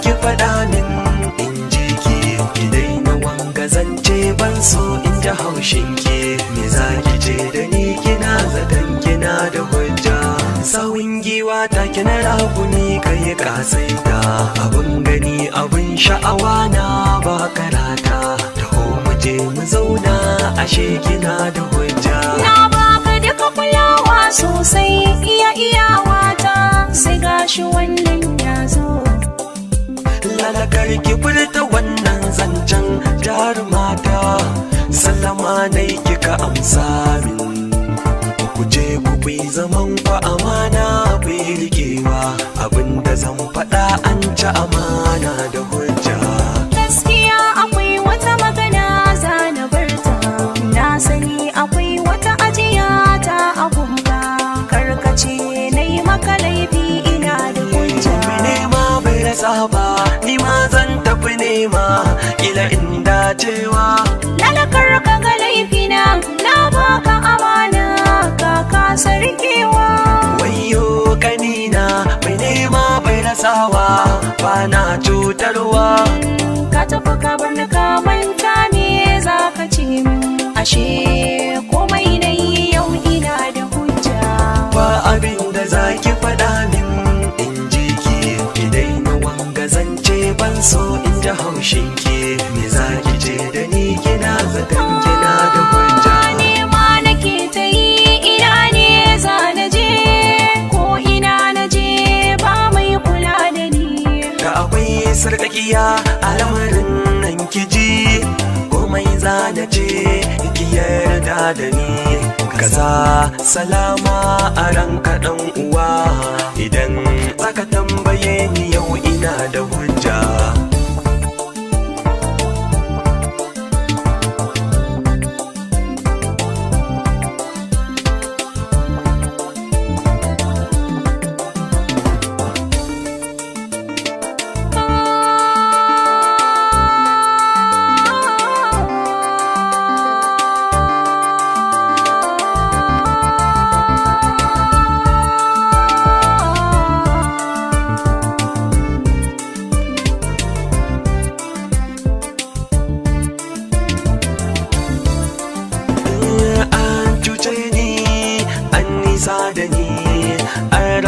ki faɗa min in ji ki ki daina wanga zance ban so in ji haushin ki me za ki je da ni kina zaton kina da hujja sawin giwa ta kina raguni ka yi kasaita abun gani abun sha'awa na ba karata taho mu je mu zauna ashe kina da hujja na baka duka kulawa sosai iya iyawa ta sai gashi wanda ki furta wannan zancen jarumata salama ne kika amsa min ku je ku bi zaman ku amana bai rikewa abinda zan faɗa an ci amana ma zan tafi nema kila in dacewa lalakar ka ga laifina na baka amana ka kaka sarkewa wayo kanina mai nema bai rasawa ba na cutarwa ka tafi ka bar ni ka manta me za ka ce min ashe ban so in ji haushin ki me za ki je da ni kina zaton kina da hujja ne ma nake ta yi ina ne za na je ko ina na je ba mai kula da ni da akwai sarkakiya a lamarin nan ki ji komai za na je ki yarda da ni kaza salama a ranka dan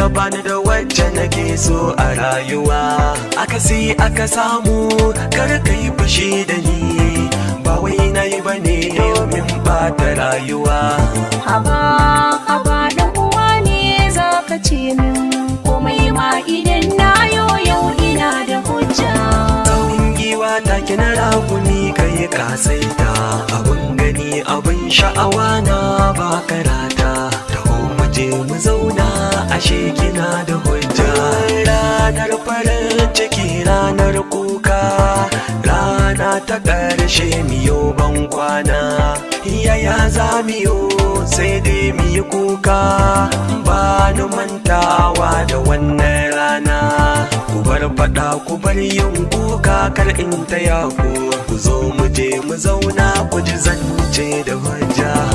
bani da wacce nake so a rayuwa Aka akasi aka samu kar kai fushi da ni ba wai na yi ne domin ta rayuwa haba haba dan uwa ne zaka ce min komai ma idan na yau ina da hujja tsawon giwa ta kina raguni kai ka saita abun gani abun sha'awa na na da hujja ranar farin ciki ranar kuka rana ta ƙarshe miyo ban kwana yaya za miyo sai dai miyi kuka ba ni mantawa da wannan rana ku bar faɗa ku bar yin kuka kar in ta ku ku zo mu je mu zauna ku ji zance da hujja